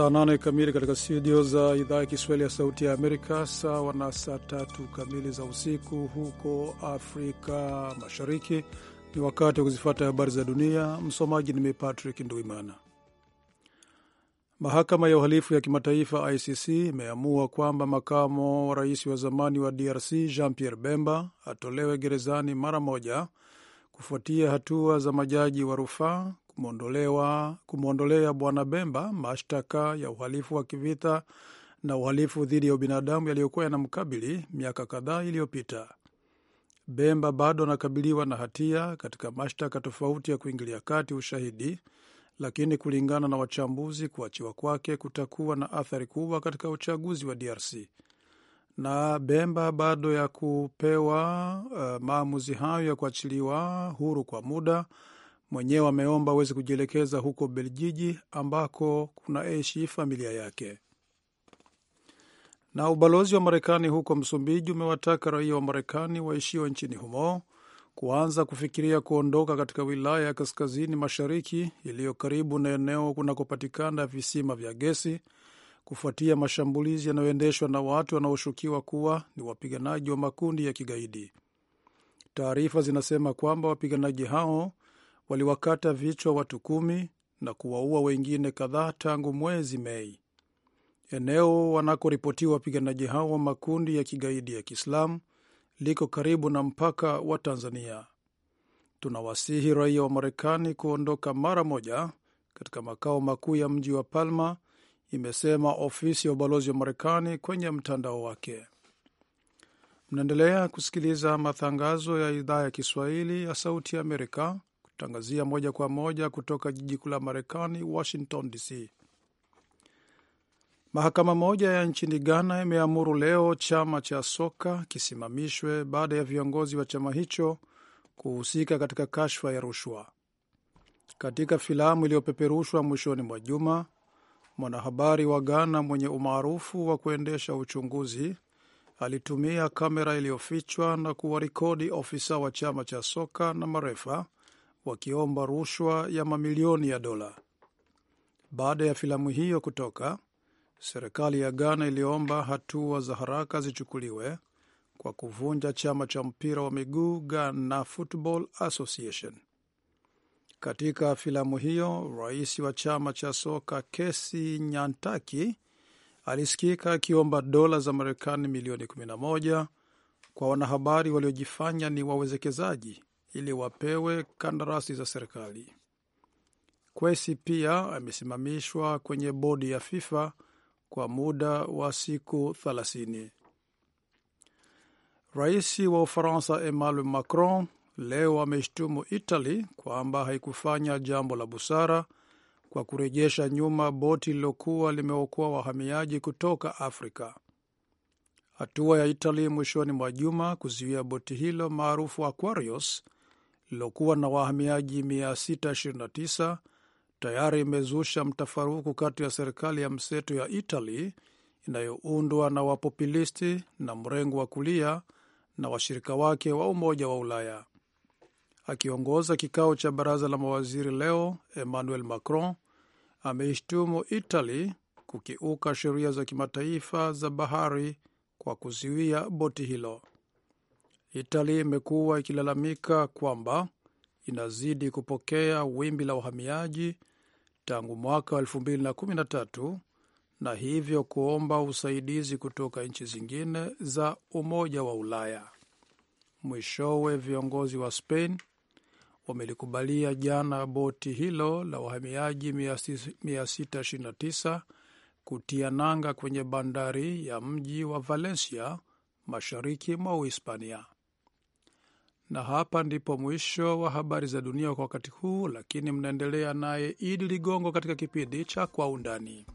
saa nane kamili katika studio za idhaa ya Kiswahili ya Sauti ya Amerika, sawa na saa tatu kamili za usiku huko Afrika Mashariki. Ni wakati wa kuzifata habari za dunia. Msomaji ni mimi Patrick Nduimana. Mahakama ya Uhalifu ya Kimataifa, ICC, imeamua kwamba makamo wa rais wa zamani wa DRC Jean Pierre Bemba atolewe gerezani mara moja kufuatia hatua za majaji wa rufaa kumwondolea Bwana Bemba mashtaka ya uhalifu wa kivita na uhalifu dhidi ya ubinadamu yaliyokuwa yanamkabili miaka kadhaa iliyopita. Bemba bado anakabiliwa na hatia katika mashtaka tofauti ya kuingilia kati ushahidi, lakini kulingana na wachambuzi, kuachiwa kwake kutakuwa na athari kubwa katika uchaguzi wa DRC na Bemba bado ya kupewa uh, maamuzi hayo ya kuachiliwa huru kwa muda mwenyewe ameomba aweze kujielekeza huko Beljiji ambako kunaishi familia yake. Na ubalozi wa Marekani huko Msumbiji umewataka raia wa Marekani waishio nchini humo kuanza kufikiria kuondoka katika wilaya ya kaskazini mashariki iliyo karibu na eneo kunakopatikana visima vya gesi kufuatia mashambulizi yanayoendeshwa na watu wanaoshukiwa kuwa ni wapiganaji wa makundi ya kigaidi. Taarifa zinasema kwamba wapiganaji hao waliwakata vichwa watu kumi na kuwaua wengine kadhaa tangu mwezi Mei. Eneo wanakoripotiwa wapiganaji hao wa makundi ya kigaidi ya Kiislamu liko karibu na mpaka wa Tanzania. Tunawasihi raia wa Marekani kuondoka mara moja katika makao makuu ya mji wa Palma, imesema ofisi ya ubalozi wa Marekani kwenye mtandao wake. Mnaendelea kusikiliza matangazo ya idhaa ya Kiswahili ya Sauti ya Amerika Tangazia moja kwa moja kutoka jiji kuu la Marekani, Washington DC. Mahakama moja ya nchini Ghana imeamuru leo chama cha soka kisimamishwe baada ya viongozi wa chama hicho kuhusika katika kashfa ya rushwa. Katika filamu iliyopeperushwa mwishoni mwa juma, mwanahabari wa Ghana mwenye umaarufu wa kuendesha uchunguzi alitumia kamera iliyofichwa na kuwarekodi ofisa wa chama cha soka na marefa wakiomba rushwa ya mamilioni ya dola. Baada ya filamu hiyo kutoka, serikali ya Ghana iliomba hatua za haraka zichukuliwe kwa kuvunja chama cha mpira wa miguu Ghana Football Association. Katika filamu hiyo, rais wa chama cha soka Kesi Nyantaki alisikika akiomba dola za Marekani milioni 11 kwa wanahabari waliojifanya ni wawezekezaji ili wapewe kandarasi za serikali. Kwesi pia amesimamishwa kwenye bodi ya FIFA kwa muda wa siku 30. Rais wa Ufaransa Emmanuel Macron leo ameshtumu Italy kwamba haikufanya jambo la busara kwa kurejesha nyuma boti lililokuwa limeokoa wahamiaji kutoka Afrika. Hatua ya Italy mwishoni mwa juma kuzuia boti hilo maarufu Aquarius lilokuwa na wahamiaji 629 tayari imezusha mtafaruku kati ya serikali ya mseto ya Italy inayoundwa na wapopulisti na mrengo wa kulia na washirika wake wa Umoja wa Ulaya. Akiongoza kikao cha baraza la mawaziri leo, Emmanuel Macron ameishtumu Italy kukiuka sheria za kimataifa za bahari kwa kuzuia boti hilo itali imekuwa ikilalamika kwamba inazidi kupokea wimbi la uhamiaji tangu mwaka wa 213 na hivyo kuomba usaidizi kutoka nchi zingine za Umoja wa Ulaya. Mwishowe, viongozi wa Spain wamelikubalia jana boti hilo la wahamiaji 629 kutia nanga kwenye bandari ya mji wa Valencia mashariki mwa Uhispania. Na hapa ndipo mwisho wa habari za dunia kwa wakati huu, lakini mnaendelea naye Idi Ligongo katika kipindi cha Kwa Undani.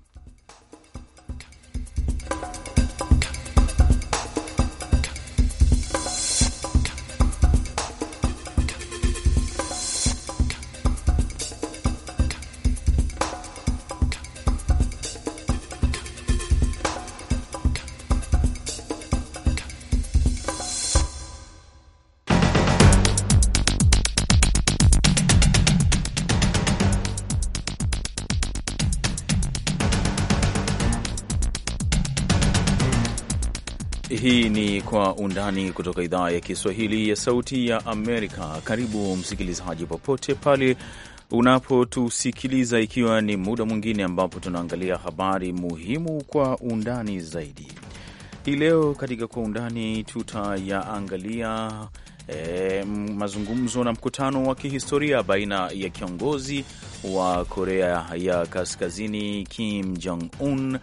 Hii ni Kwa Undani kutoka idhaa ya Kiswahili ya Sauti ya Amerika. Karibu msikilizaji, popote pale unapotusikiliza, ikiwa ni muda mwingine ambapo tunaangalia habari muhimu kwa undani zaidi. Hii leo katika Kwa Undani tutayaangalia E, mazungumzo na mkutano wa kihistoria baina ya kiongozi wa Korea ya Kaskazini Kim Jong Un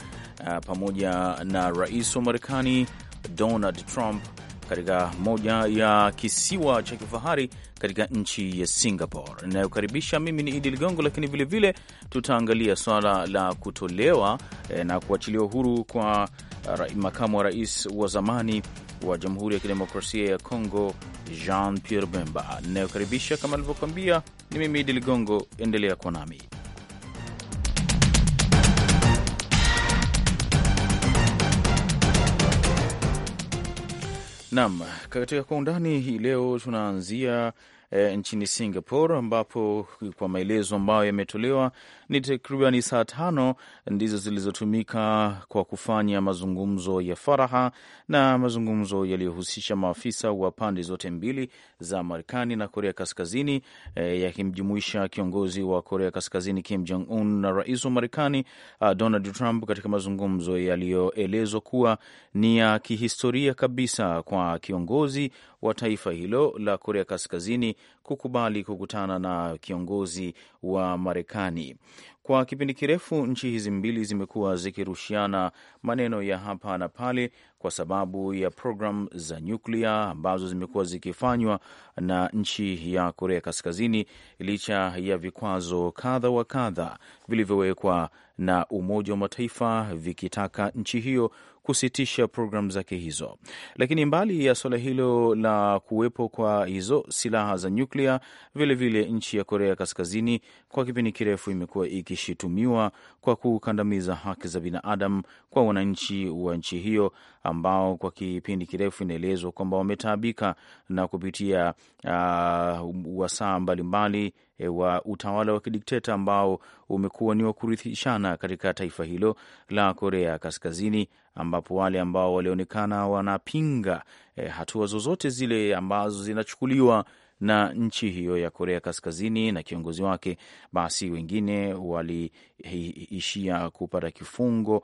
eh, pamoja na rais wa Marekani Donald Trump katika moja ya kisiwa cha kifahari katika nchi ya Singapore. Inayokaribisha mimi ni Idi Ligongo, lakini vilevile tutaangalia swala la kutolewa eh, na kuachiliwa huru kwa eh, makamu wa rais wa zamani wa Jamhuri ya Kidemokrasia ya Kongo, Jean Pierre Bemba. Inayokaribisha kama alivyokuambia ni mimi Idi Ligongo, endelea kuwa nami Naam, katika kwa undani hii leo tunaanzia e, nchini Singapore ambapo kwa maelezo ambayo yametolewa ni takribani saa tano ndizo zilizotumika kwa kufanya mazungumzo ya faraha na mazungumzo yaliyohusisha maafisa wa pande zote mbili za Marekani na Korea Kaskazini e, yakimjumuisha kiongozi wa Korea Kaskazini Kim Jong Un na rais wa Marekani uh, Donald Trump katika mazungumzo yaliyoelezwa kuwa ni ya kihistoria kabisa kwa kiongozi wa taifa hilo la Korea Kaskazini kukubali kukutana na kiongozi wa Marekani. Kwa kipindi kirefu nchi hizi mbili zimekuwa zikirushiana maneno ya hapa na pale kwa sababu ya programu za nyuklia ambazo zimekuwa zikifanywa na nchi ya Korea Kaskazini licha ya vikwazo kadha wa kadha vilivyowekwa na Umoja wa Mataifa vikitaka nchi hiyo kusitisha programu zake hizo. Lakini mbali ya suala hilo la kuwepo kwa hizo silaha za nyuklia, vilevile nchi ya Korea Kaskazini kwa kipindi kirefu imekuwa ikishutumiwa kwa kukandamiza haki za binadamu kwa wananchi wa nchi hiyo ambao kwa kipindi kirefu inaelezwa kwamba wametaabika na kupitia uh, wasaa mbalimbali e, wa utawala wa kidikteta ambao umekuwa ni wa kurithishana katika taifa hilo la Korea Kaskazini ambapo wale ambao walionekana wanapinga e, hatua zozote zile ambazo zinachukuliwa na nchi hiyo ya Korea Kaskazini na kiongozi wake, basi wengine waliishia kupata kifungo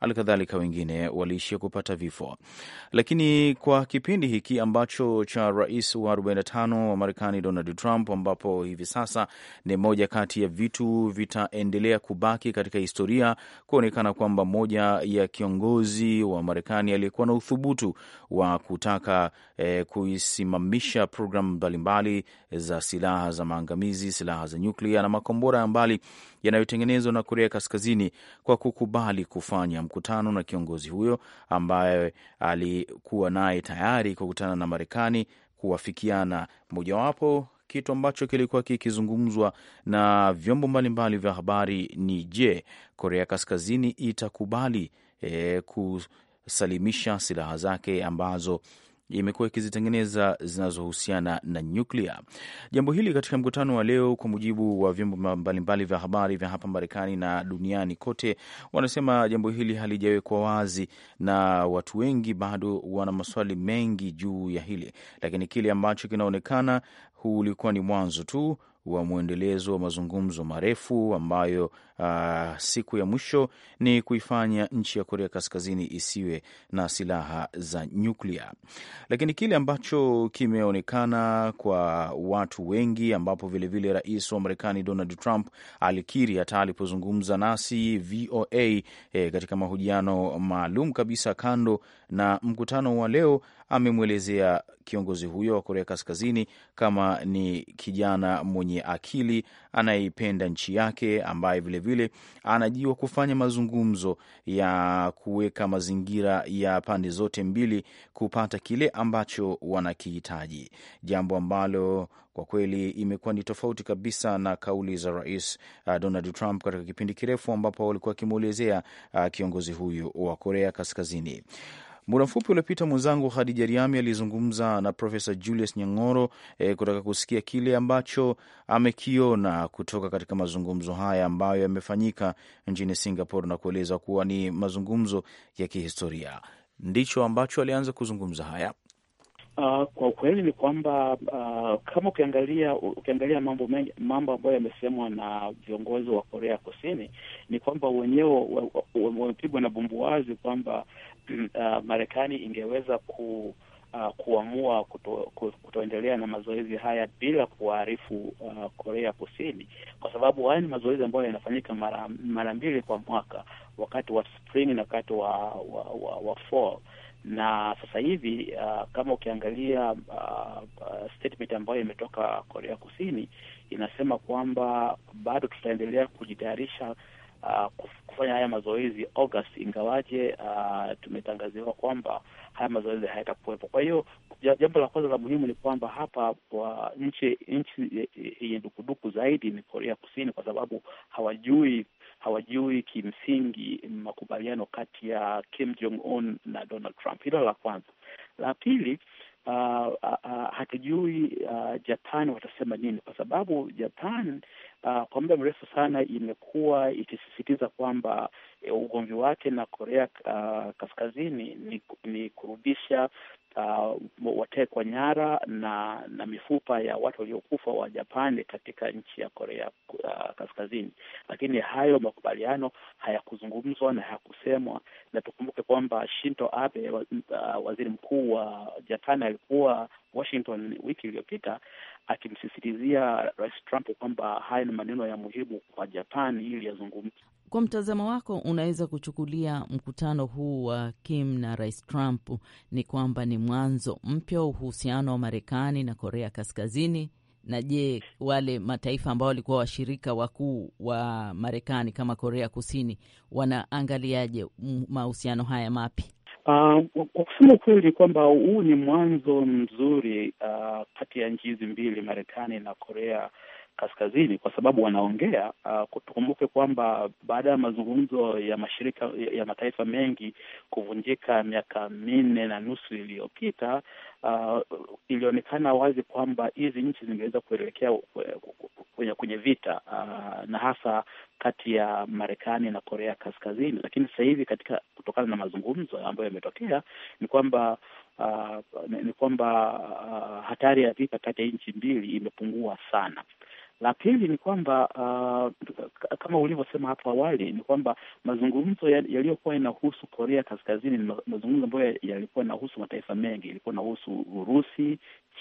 halikadhalika wengine waliishia kupata vifo. Lakini kwa kipindi hiki ambacho cha rais wa 45 wa Marekani Donald Trump, ambapo hivi sasa ni moja kati ya vitu vitaendelea kubaki katika historia kuonekana kwamba moja ya kiongozi wa Marekani aliyekuwa na uthubutu wa kutaka eh, kuisimamisha programu mbalimbali za silaha za maangamizi, silaha za nyuklia na makombora ya mbali yanayotengenezwa na Korea Kaskazini kwa kukubali kufanya mkutano na kiongozi huyo ambaye alikuwa naye tayari kukutana na Marekani kuwafikiana mojawapo kitu ambacho kilikuwa kikizungumzwa na vyombo mbalimbali vya habari ni je, Korea Kaskazini itakubali e, kusalimisha silaha zake ambazo imekuwa ikizitengeneza zinazohusiana na nyuklia. Jambo hili katika mkutano wa leo, kwa mujibu wa vyombo mbalimbali vya habari vya hapa Marekani na duniani kote, wanasema jambo hili halijawekwa wazi na watu wengi bado wana maswali mengi juu ya hili, lakini kile ambacho kinaonekana huu ulikuwa ni mwanzo tu wa mwendelezo wa mazungumzo marefu ambayo uh, siku ya mwisho ni kuifanya nchi ya Korea Kaskazini isiwe na silaha za nyuklia. Lakini kile ambacho kimeonekana kwa watu wengi, ambapo vilevile rais wa Marekani Donald Trump alikiri hata alipozungumza nasi VOA e, eh, katika mahojiano maalum kabisa kando na mkutano wa leo amemwelezea kiongozi huyo wa Korea Kaskazini kama ni kijana mwenye akili anayeipenda nchi yake ambaye vilevile vilevile anajiwa kufanya mazungumzo ya kuweka mazingira ya pande zote mbili kupata kile ambacho wanakihitaji, jambo ambalo kwa kweli imekuwa ni tofauti kabisa na kauli za Rais uh, Donald Trump katika kipindi kirefu ambapo walikuwa wakimwelezea uh, kiongozi huyu wa Korea Kaskazini. Muda mfupi uliopita mwenzangu Hadija Riami alizungumza na Profesa Julius Nyang'oro e, kutaka kusikia kile ambacho amekiona kutoka katika mazungumzo haya ambayo yamefanyika nchini Singapore na kueleza kuwa ni mazungumzo ya kihistoria. Ndicho ambacho alianza kuzungumza haya. Uh, kwa ukweli ni kwamba uh, kama ukiangalia ukiangalia mambo mengi, mambo ambayo yamesemwa na viongozi wa Korea Kusini ni kwamba wenyewe wamepigwa na bumbuazi kwamba uh, Marekani ingeweza ku, uh, kuamua kuto, kutoendelea na mazoezi haya bila kuwaarifu uh, Korea Kusini, kwa sababu haya ni mazoezi ambayo yanafanyika mara mara mbili kwa mwaka, wakati wa spring na wakati wa, wa, wa, wa fall na sasa hivi uh, kama ukiangalia uh, uh statement ambayo imetoka Korea Kusini inasema kwamba bado tutaendelea kujitayarisha uh, kufanya haya mazoezi August, ingawaje uh, tumetangaziwa kwamba haya mazoezi hayatakuwepo. Kwa hiyo jambo la kwanza la muhimu ni kwamba hapa kwa nchi nchi yenye dukuduku zaidi ni Korea Kusini, kwa sababu hawajui hawajui kimsingi makubaliano kati ya Kim Jong Un na Donald Trump. Hilo la kwanza. La pili Uh, uh, uh, hatujui uh, Japan watasema nini, kwa sababu Japan uh, kwa muda mrefu sana imekuwa ikisisitiza kwamba eh, ugomvi wake na Korea uh, Kaskazini ni, ni kurudisha uh, watekwa nyara na na mifupa ya watu waliokufa wa Japani katika nchi ya Korea uh, Kaskazini, lakini hayo makubaliano hayakuzungumzwa na hayakusemwa. Na tukumbuke kwamba shinto Abe uh, waziri mkuu wa Japani alikuwa Washington wiki iliyopita akimsisitizia Rais Trump kwamba haya ni maneno ya muhimu kwa Japani ili yazungumza kwa mtazamo wako, unaweza kuchukulia mkutano huu wa Kim na Rais Trump ni kwamba ni mwanzo mpya wa uhusiano wa Marekani na Korea Kaskazini? Na je, wale mataifa ambao walikuwa washirika wakuu wa Marekani kama Korea Kusini wanaangaliaje mahusiano haya mapya? Uh, kwa kusema kweli kwamba huu ni mwanzo mzuri uh, kati ya nchi hizi mbili Marekani na Korea kaskazini, kwa sababu wanaongea uh, tukumbuke kwamba baada ya mazungumzo ya mashirika ya mataifa mengi kuvunjika miaka minne na nusu iliyopita, uh, ilionekana wazi kwamba hizi nchi zingeweza kuelekea uh, kwenye, kwenye vita uh, na hasa kati ya Marekani na Korea Kaskazini, lakini sasa hivi katika kutokana na mazungumzo ambayo yametokea ni kwamba Uh, ni kwamba uh, hatari ya vita kati ya nchi mbili imepungua sana. La pili ni kwamba uh, kama ulivyosema hapo awali ni kwamba mazungumzo yaliyokuwa yanahusu Korea Kaskazini ni mazungumzo ambayo yalikuwa inahusu mataifa mengi, ilikuwa inahusu Urusi,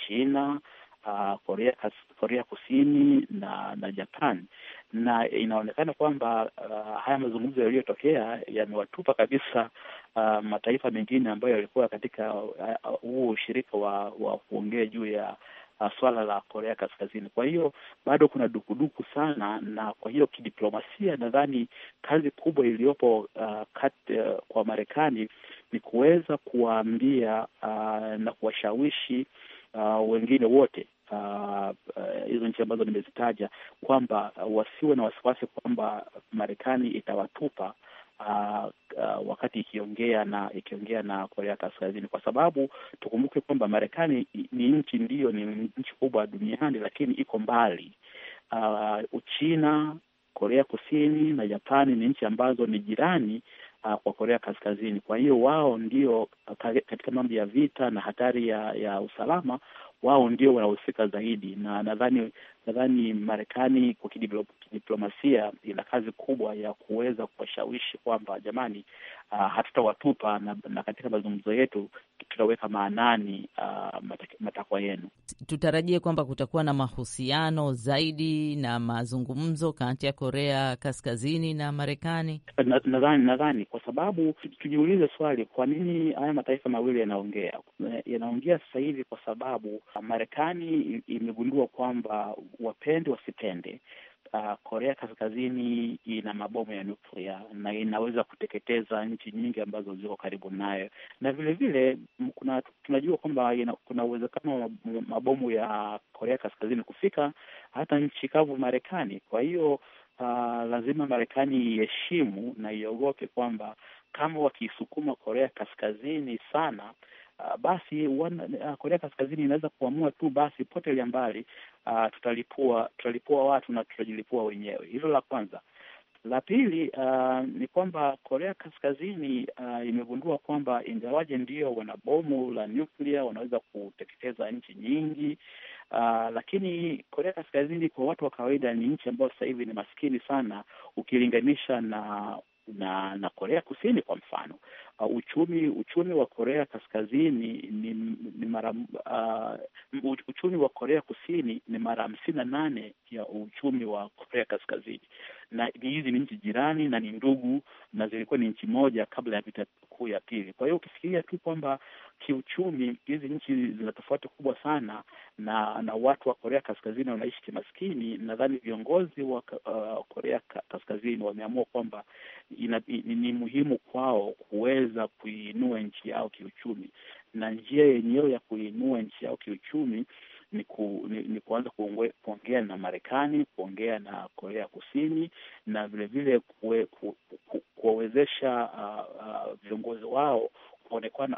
China Uh, Korea, Korea Kusini na na Japan na inaonekana kwamba uh, haya mazungumzo yaliyotokea yamewatupa kabisa uh, mataifa mengine ambayo yalikuwa katika uh, uh, ushirika wa wa kuongea juu ya uh, swala la Korea Kaskazini. Kwa hiyo bado kuna dukuduku sana, na kwa hiyo kidiplomasia, nadhani kazi kubwa iliyopo uh, kat, uh, kwa Marekani ni kuweza kuwaambia uh, na kuwashawishi uh, wengine wote hizo uh, uh, nchi ambazo nimezitaja kwamba uh, wasiwe na wasiwasi kwamba Marekani itawatupa uh, uh, wakati ikiongea na ikiongea na Korea Kaskazini, kwa sababu tukumbuke kwamba Marekani ni nchi ndiyo, ni nchi kubwa duniani, lakini iko mbali. Uh, Uchina, Korea Kusini na Japani ni nchi ambazo ni jirani uh, kwa Korea Kaskazini. Kwa hiyo wao ndio uh, katika mambo ya vita na hatari ya, ya usalama wao ndio wanahusika zaidi, na nadhani nadhani Marekani kwa kidiplomasia ina kazi kubwa ya kuweza kuwashawishi kwamba jamani, uh, hatutawatupa na, na katika mazungumzo yetu tutaweka maanani uh, matakwa yenu. Tutarajie kwamba kutakuwa na mahusiano zaidi na mazungumzo kati ya Korea Kaskazini na Marekani. Nadhani nadhani kwa sababu tujiulize swali, kwa nini haya mataifa mawili yanaongea? Eh, yanaongea sasa hivi kwa sababu Marekani imegundua kwamba wapende wasipende, uh, Korea Kaskazini ina mabomu ya nuklia na inaweza kuteketeza nchi nyingi ambazo ziko karibu nayo, na vilevile kuna tunajua kwamba kuna uwezekano wa mabomu ya Korea Kaskazini kufika hata nchi kavu Marekani. Kwa hiyo uh, lazima Marekani iheshimu na iogope kwamba kama wakiisukuma Korea Kaskazini sana Ah, basi uh, Korea Kaskazini inaweza kuamua tu basi potelea mbali, uh, tutalipua tutalipua watu na tutajilipua wenyewe. Hilo la kwanza. La pili uh, ni kwamba Korea Kaskazini uh, imegundua kwamba ingawaje ndio wana bomu la nyuklia, wanaweza kuteketeza nchi nyingi uh, lakini Korea Kaskazini kwa watu wa kawaida ni nchi ambayo sasa hivi ni maskini sana ukilinganisha na na na Korea Kusini kwa mfano uh, uchumi uchumi wa Korea Kaskazini ni, ni mara uh, uchumi wa Korea Kusini ni mara hamsini na nane ya uchumi wa Korea Kaskazini, na hizi ni nchi jirani na ni ndugu, na zilikuwa ni nchi moja kabla ya vita kuu ya pili. Kwa hiyo ukifikiria tu kwamba kiuchumi hizi nchi zina tofauti kubwa sana na na watu wa Korea Kaskazini wanaishi kimaskini, nadhani viongozi wa uh, Korea Kaskazini wameamua kwamba ni muhimu kwao kuweza kuiinua nchi yao kiuchumi, na njia yenyewe ya kuinua nchi yao kiuchumi ni, ku, ni, ni kuanza kuongea na Marekani, kuongea na Korea Kusini na vilevile kuwawezesha uh, uh, viongozi wao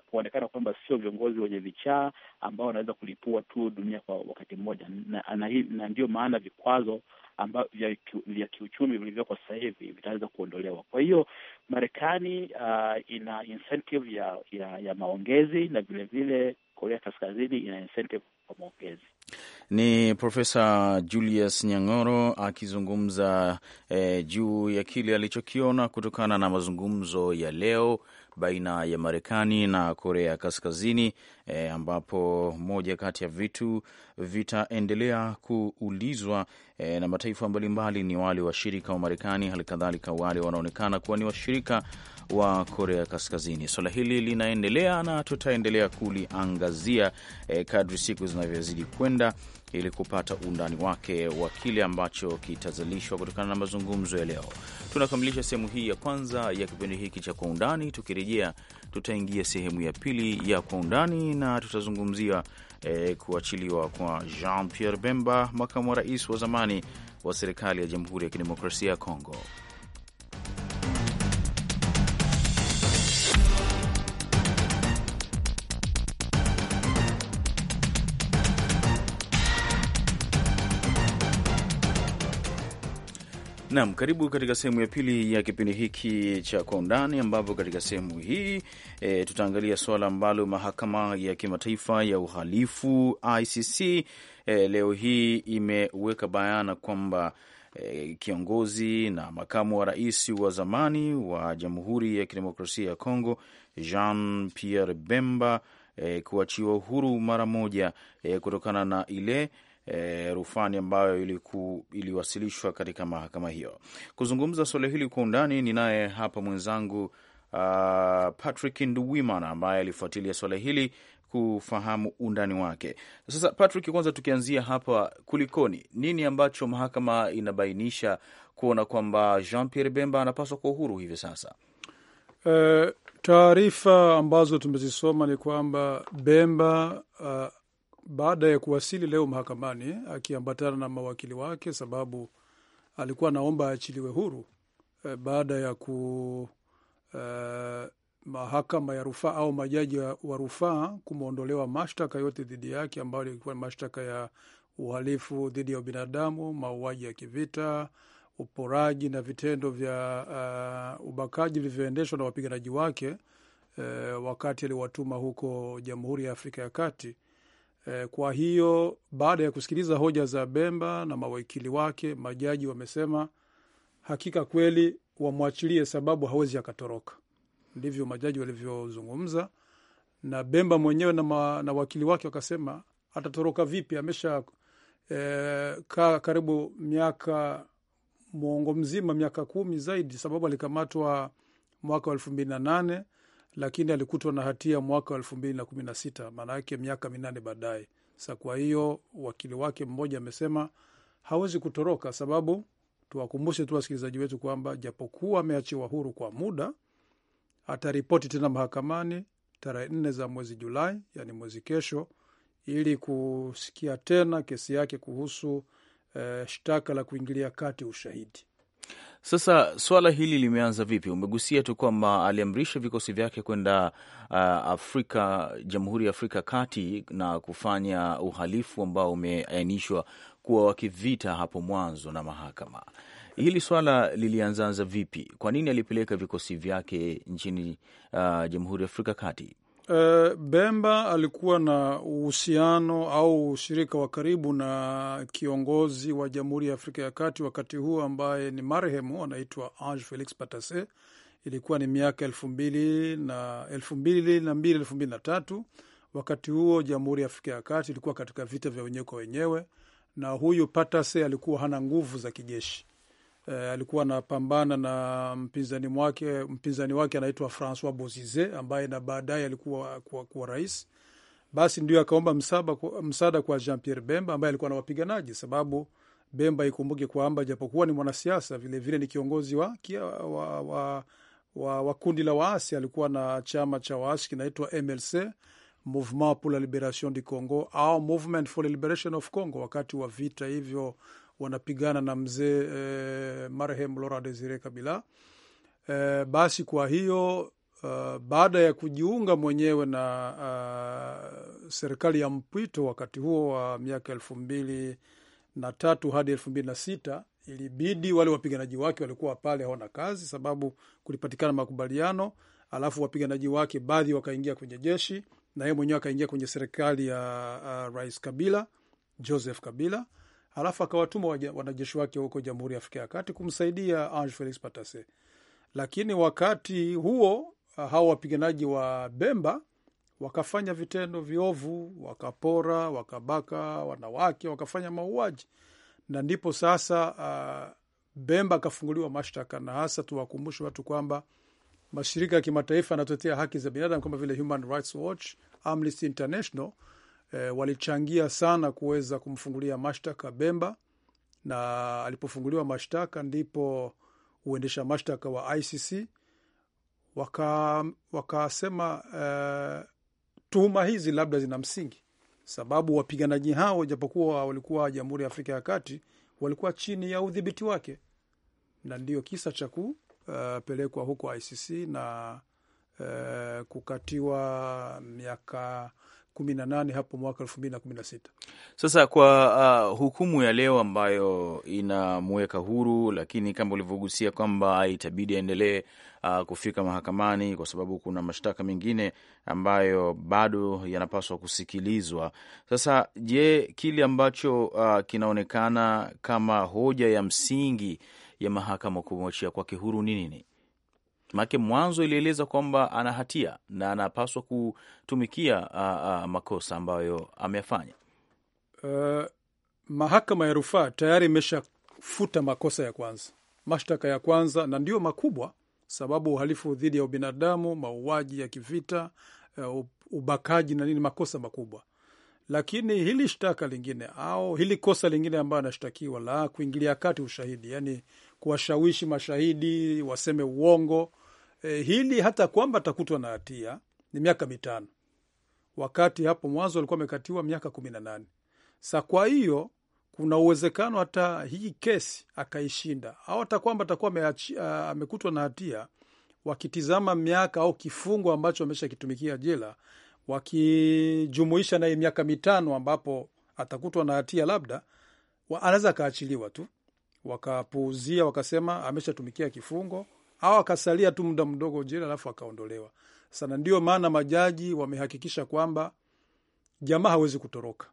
kuonekana kwamba sio viongozi wenye vichaa ambao wanaweza kulipua tu dunia kwa wakati mmoja, na, na, na ndiyo maana vikwazo ambavyo vya, vya kiuchumi vilivyoko sasa hivi vitaweza kuondolewa. Kwa hiyo Marekani uh, ina incentive ya, ya ya maongezi na vilevile Korea Kaskazini ina incentive kwa Ni Profesa Julius Nyang'oro akizungumza eh, juu ya kile alichokiona kutokana na mazungumzo ya leo baina ya Marekani na Korea Kaskazini e, ambapo moja kati ya vitu vitaendelea kuulizwa e, na mataifa mbalimbali ni wale washirika wa Marekani, halikadhalika wale wanaonekana kuwa ni washirika wa Korea Kaskazini. Swala hili linaendelea na tutaendelea kuliangazia e, kadri siku zinavyozidi kwenda ili kupata undani wake wa kile ambacho kitazalishwa kutokana na mazungumzo ya leo. Tunakamilisha sehemu hii ya kwanza ya kipindi hiki cha Kwa Undani. Tukirejea, tutaingia sehemu ya pili ya Kwa Undani na tutazungumzia e, kuachiliwa kwa Jean Pierre Bemba, makamu wa rais wa zamani wa serikali ya Jamhuri ya Kidemokrasia ya Kongo. Naam, karibu katika sehemu ya pili ya kipindi hiki cha Kwa Undani, ambapo katika sehemu hii e, tutaangalia suala ambalo mahakama ya kimataifa ya uhalifu ICC e, leo hii imeweka bayana kwamba e, kiongozi na makamu wa rais wa zamani wa Jamhuri ya Kidemokrasia ya Kongo Jean Pierre Bemba e, kuachiwa uhuru mara moja e, kutokana na ile e, rufani ambayo iliku, iliwasilishwa katika mahakama hiyo. Kuzungumza suala hili kwa undani, ninaye hapa mwenzangu uh, Patrick Nduwimana ambaye alifuatilia suala hili kufahamu undani wake. Sasa Patrick, kwanza tukianzia hapa, kulikoni? Nini ambacho mahakama inabainisha kuona kwamba Jean Pierre Bemba anapaswa kwa uhuru hivi sasa? Uh, taarifa ambazo tumezisoma ni kwamba Bemba baada ya kuwasili leo mahakamani akiambatana na mawakili wake, sababu alikuwa anaomba aachiliwe huru e, baada ya ku e, mahakama ya rufaa au majaji wa rufaa kumwondolewa mashtaka yote dhidi yake ambayo ilikuwa mashtaka ya uhalifu dhidi ya ubinadamu, mauaji ya kivita, uporaji na vitendo vya uh, ubakaji vilivyoendeshwa na wapiganaji wake uh, wakati aliwatuma huko Jamhuri ya Afrika ya Kati Eh, kwa hiyo baada ya kusikiliza hoja za Bemba na mawakili wake, majaji wamesema hakika kweli wamwachilie, sababu hawezi akatoroka. Ndivyo majaji walivyozungumza, na Bemba mwenyewe na, ma, na wakili wake wakasema atatoroka vipi? Amesha e, kaa karibu miaka mwongo mzima, miaka kumi zaidi, sababu alikamatwa mwaka wa elfu mbili na nane lakini alikutwa na hatia mwaka wa elfu mbili na kumi na sita maana yake miaka minane baadaye. Sa kwa hiyo wakili wake mmoja amesema hawezi kutoroka, sababu tuwakumbushe tu wasikilizaji wetu kwamba japokuwa ameachiwa huru kwa muda, ataripoti tena mahakamani tarehe nne za mwezi Julai, yani mwezi kesho, ili kusikia tena kesi yake kuhusu eh, shtaka la kuingilia kati ushahidi. Sasa swala hili limeanza vipi? Umegusia tu kwamba aliamrisha vikosi vyake kwenda uh, Afrika, Jamhuri ya Afrika Kati na kufanya uhalifu ambao umeainishwa kuwa wa kivita hapo mwanzo na mahakama. Hili swala lilianzaanza vipi? Kwa nini alipeleka vikosi vyake nchini uh, Jamhuri ya Afrika Kati? E, Bemba alikuwa na uhusiano au ushirika wa karibu na kiongozi wa Jamhuri ya Afrika ya Kati wakati huo ambaye ni marehemu anaitwa Ange Felix Patasse. Ilikuwa ni miaka elfu mbili na elfu mbili na mbili elfu mbili na tatu. Wakati huo Jamhuri ya Afrika ya Kati ilikuwa katika vita vya wenyewe kwa wenyewe, na huyu Patasse alikuwa hana nguvu za kijeshi eh, alikuwa anapambana na mpinzani wake mpinzani wake anaitwa Francois Bozize ambaye na baadaye alikuwa kuwa, kuwa rais. Basi ndio akaomba msaada kwa Jean Pierre Bemba ambaye alikuwa na wapiganaji, sababu Bemba ikumbuke kwamba japokuwa ni mwanasiasa vilevile vile ni kiongozi wa, kia, wa, wa, wa, wa kundi la waasi. Alikuwa na chama cha waasi kinaitwa MLC, Mouvement pour la Liberation du Congo au Movement for the Liberation of Congo, wakati wa vita hivyo wanapigana na mzee eh, marehemu Laurent Desire Kabila. Eh, basi kwa hiyo Uh, baada ya kujiunga mwenyewe na uh, serikali ya mpito wakati huo wa uh, miaka elfu mbili na tatu hadi elfu mbili na sita ilibidi wale wapiganaji wake walikuwa pale hawana kazi, sababu kulipatikana makubaliano, alafu wapiganaji wake baadhi wakaingia kwenye jeshi na yeye mwenyewe akaingia kwenye serikali ya uh, Rais Kabila Joseph Kabila halafu akawatuma wanajeshi wake huko Jamhuri ya Afrika ya Kati kumsaidia Ange Felix Patasse. Lakini wakati huo uh, hawa wapiganaji wa Bemba wakafanya vitendo viovu, wakapora, wakabaka wanawake, wakafanya mauaji, na ndipo sasa uh, Bemba akafunguliwa mashtaka, na hasa tuwakumbushe watu kwamba mashirika ya kimataifa yanatetea haki za binadamu kama vile Human Rights Watch, Amnesty International e, walichangia sana kuweza kumfungulia mashtaka Bemba, na alipofunguliwa mashtaka ndipo uendesha mashtaka wa ICC wakasema waka e, tuhuma hizi labda zina msingi, sababu wapiganaji hao japokuwa walikuwa Jamhuri ya Afrika ya Kati walikuwa chini ya udhibiti wake, na ndio kisa cha kupelekwa e, uh, huko ICC na uh, kukatiwa miaka kumi na nane hapo mwaka elfu mbili na kumi na sita. Sasa kwa uh, hukumu ya leo ambayo inamweka huru, lakini kama ulivyogusia kwamba itabidi aendelee uh, kufika mahakamani kwa sababu kuna mashtaka mengine ambayo bado yanapaswa kusikilizwa. Sasa je, kile ambacho uh, kinaonekana kama hoja ya msingi ya mahakama kumwachia kwake huru ni nini? Maanake mwanzo ilieleza kwamba ana hatia na anapaswa kutumikia a, a, makosa ambayo ameyafanya. Uh, mahakama ya rufaa tayari imeshafuta makosa ya kwanza, mashtaka ya kwanza, na ndio makubwa, sababu uhalifu dhidi ya ubinadamu, mauaji ya kivita, uh, ubakaji na nini, makosa makubwa. Lakini hili shtaka lingine au hili kosa lingine ambayo anashtakiwa la kuingilia kati ushahidi, yani kuwashawishi mashahidi waseme uongo e, hili hata kwamba atakutwa na hatia ni miaka mitano, wakati hapo mwanzo alikuwa amekatiwa miaka kumi na nane. Sa kwa hiyo kuna uwezekano hata hii kesi akaishinda, au hata kwamba atakuwa amekutwa na hatia, wakitizama miaka au kifungo ambacho ameshakitumikia jela, wakijumuisha naye miaka mitano ambapo atakutwa na hatia, labda anaweza akaachiliwa tu, wakapuuzia wakasema ameshatumikia kifungo au akasalia tu muda mdogo jela alafu akaondolewa. Sana ndio maana majaji wamehakikisha kwamba jamaa hawezi kutoroka,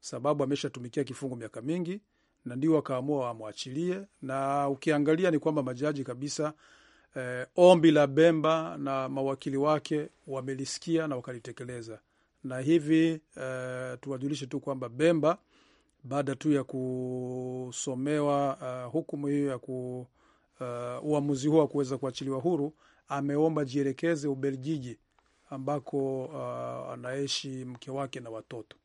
sababu ameshatumikia kifungo miaka mingi, na ndio wakaamua wamwachilie. Na ukiangalia ni kwamba majaji kabisa eh, ombi la Bemba na mawakili wake wamelisikia na wakalitekeleza, na hivi eh, tuwajulishe tu kwamba Bemba baada tu ya kusomewa uh, hukumu hiyo ya ku Uh, uamuzi huo wa kuweza kuachiliwa huru, ameomba jielekeze Ubelgiji ambako uh, anaishi mke wake na watoto.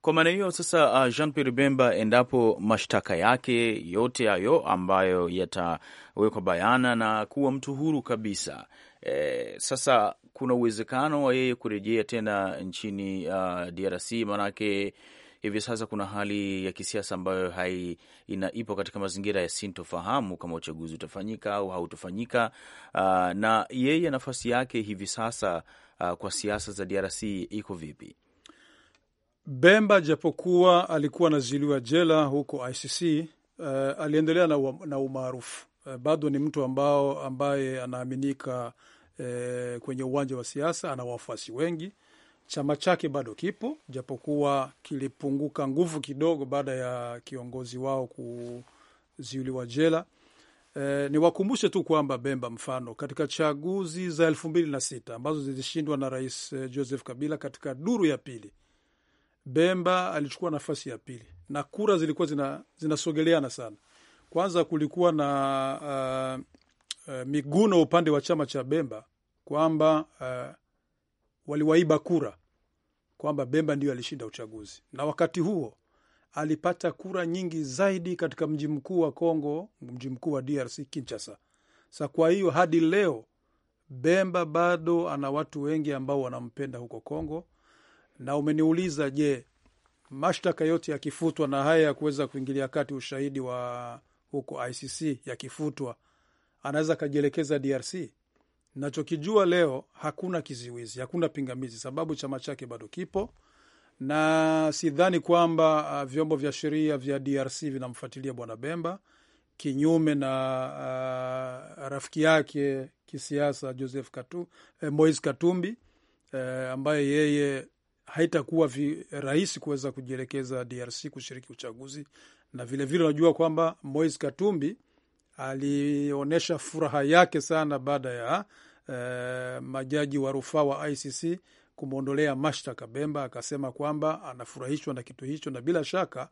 Kwa maana hiyo sasa, uh, Jean Pierre Bemba, endapo mashtaka yake yote hayo ambayo yatawekwa bayana na kuwa mtu huru kabisa, e, sasa kuna uwezekano wa yeye kurejea tena nchini uh, DRC manake hivi sasa kuna hali ya kisiasa ambayo hai ina ipo katika mazingira ya sintofahamu kama uchaguzi utafanyika au hautofanyika Uh, ah, na yeye nafasi yake hivi sasa uh, kwa siasa za DRC iko vipi? Bemba japokuwa alikuwa anazuiliwa jela huko ICC, uh, eh, aliendelea na, na umaarufu uh, bado ni mtu ambao ambaye anaaminika uh, kwenye uwanja wa siasa, ana wafuasi wengi Chama chake bado kipo japokuwa kilipunguka nguvu kidogo baada ya kiongozi wao kuziuliwa jela. E, niwakumbushe tu kwamba Bemba, mfano katika chaguzi za elfu mbili na sita ambazo zilishindwa na Rais e, Joseph Kabila katika duru ya pili, Bemba alichukua nafasi ya pili na kura zilikuwa zina, zinasogeleana sana. Kwanza kulikuwa na uh, uh, miguno upande wa chama cha Bemba kwamba uh, waliwaiba kura kwamba Bemba ndiyo alishinda uchaguzi, na wakati huo alipata kura nyingi zaidi katika mji mkuu wa congo mji mkuu wa DRC Kinshasa. Sa kwa hiyo hadi leo Bemba bado ana watu wengi ambao wanampenda huko congo Na umeniuliza je, mashtaka yote yakifutwa na haya ya kuweza kuingilia kati ushahidi wa huko ICC yakifutwa, anaweza akajielekeza DRC? nachokijua leo hakuna kiziwizi, hakuna pingamizi, sababu chama chake bado kipo, na sidhani kwamba uh, vyombo vya sheria vya DRC vinamfuatilia bwana Bemba, kinyume na uh, rafiki yake kisiasa Joseph Katu, eh, Moise Katumbi eh, ambaye yeye haitakuwa rahisi kuweza kujielekeza DRC kushiriki uchaguzi, na vilevile unajua kwamba Moise Katumbi alionyesha furaha yake sana baada ya eh, majaji wa rufaa wa ICC kumwondolea mashtaka Bemba. Akasema kwamba anafurahishwa na kitu hicho na bila shaka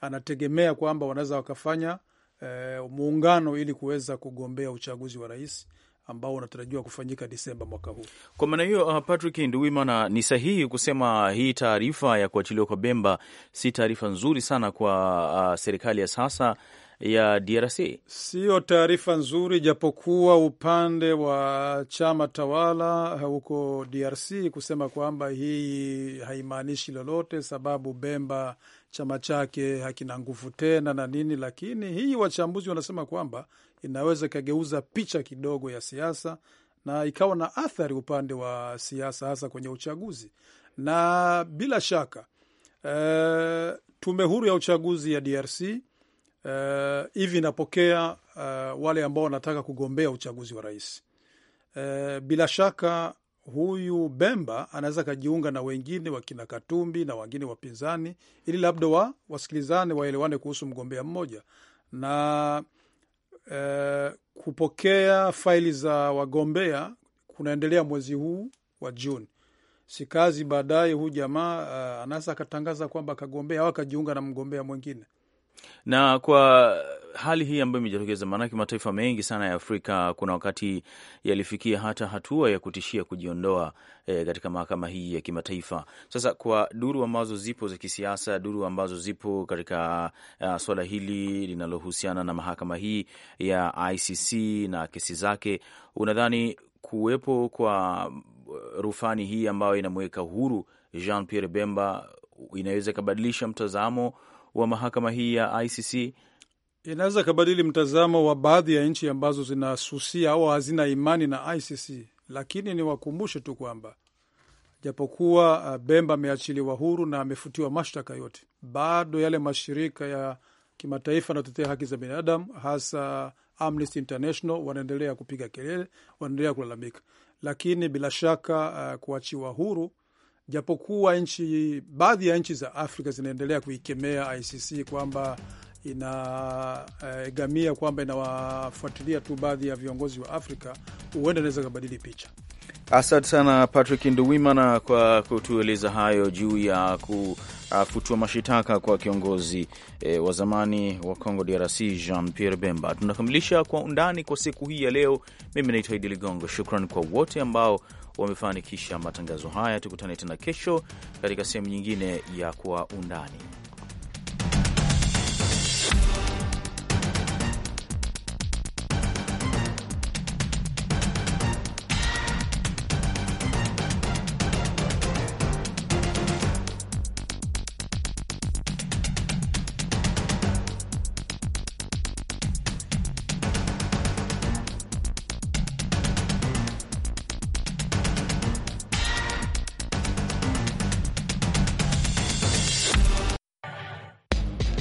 anategemea kwamba wanaweza wakafanya eh, muungano ili kuweza kugombea uchaguzi wa rais ambao unatarajiwa kufanyika Disemba mwaka huu. Kwa maana hiyo, uh, Patrick Nduwimana, ni sahihi kusema hii taarifa ya kuachiliwa kwa Bemba si taarifa nzuri sana kwa uh, serikali ya sasa ya DRC? Siyo taarifa nzuri, japokuwa upande wa chama tawala huko DRC kusema kwamba hii haimaanishi lolote, sababu Bemba chama chake hakina nguvu tena na nini, lakini hii wachambuzi wanasema kwamba inaweza ikageuza picha kidogo ya siasa na ikawa na athari upande wa siasa, hasa kwenye uchaguzi. Na bila shaka e, tume huru ya uchaguzi ya DRC Eh, hivi inapokea uh, eh, wale ambao wanataka kugombea uchaguzi wa rais uh, bila shaka huyu Bemba anaweza akajiunga na wengine wakina Katumbi na wengine wapinzani, ili labda wa wasikilizane, waelewane kuhusu mgombea mmoja na eh, kupokea faili za wagombea kunaendelea mwezi huu wa Juni. Si kazi baadaye, huyu jamaa uh, anaweza akatangaza kwamba akagombea au akajiunga na mgombea mwingine na kwa hali hii ambayo imejitokeza, maanake mataifa mengi sana ya Afrika kuna wakati yalifikia hata hatua ya kutishia kujiondoa e, katika mahakama hii ya kimataifa. Sasa kwa duru ambazo zipo za kisiasa, duru ambazo zipo katika uh, swala hili linalohusiana na mahakama hii ya ICC na kesi zake, unadhani kuwepo kwa eh, rufani hii ambayo inamweka huru Jean Pierre Bemba inaweza ikabadilisha mtazamo wa mahakama hii ya ICC inaweza ikabadili mtazamo wa baadhi ya nchi ambazo zinasusia au hazina imani na ICC, lakini niwakumbushe tu kwamba japokuwa uh, Bemba ameachiliwa huru na amefutiwa mashtaka yote, bado yale mashirika ya kimataifa yanatetea haki za binadamu hasa Amnesty International wanaendelea kupiga kelele, wanaendelea kulalamika. Lakini bila shaka uh, kuachiwa huru japokuwa nchi baadhi ya nchi za Afrika zinaendelea kuikemea ICC kwamba inagamia eh, kwamba inawafuatilia tu baadhi ya viongozi wa Afrika, huenda inaweza kabadili picha. Asante sana Patrick Nduwimana kwa kutueleza hayo juu ya kufutua ah, mashitaka kwa kiongozi e, wa zamani wa Congo DRC Jean Pierre Bemba. Tunakamilisha kwa undani kwa siku hii ya leo. Mimi naitwa Idi Ligongo, shukran kwa wote ambao wamefanikisha matangazo haya. Tukutane tena kesho katika sehemu nyingine ya Kwa Undani.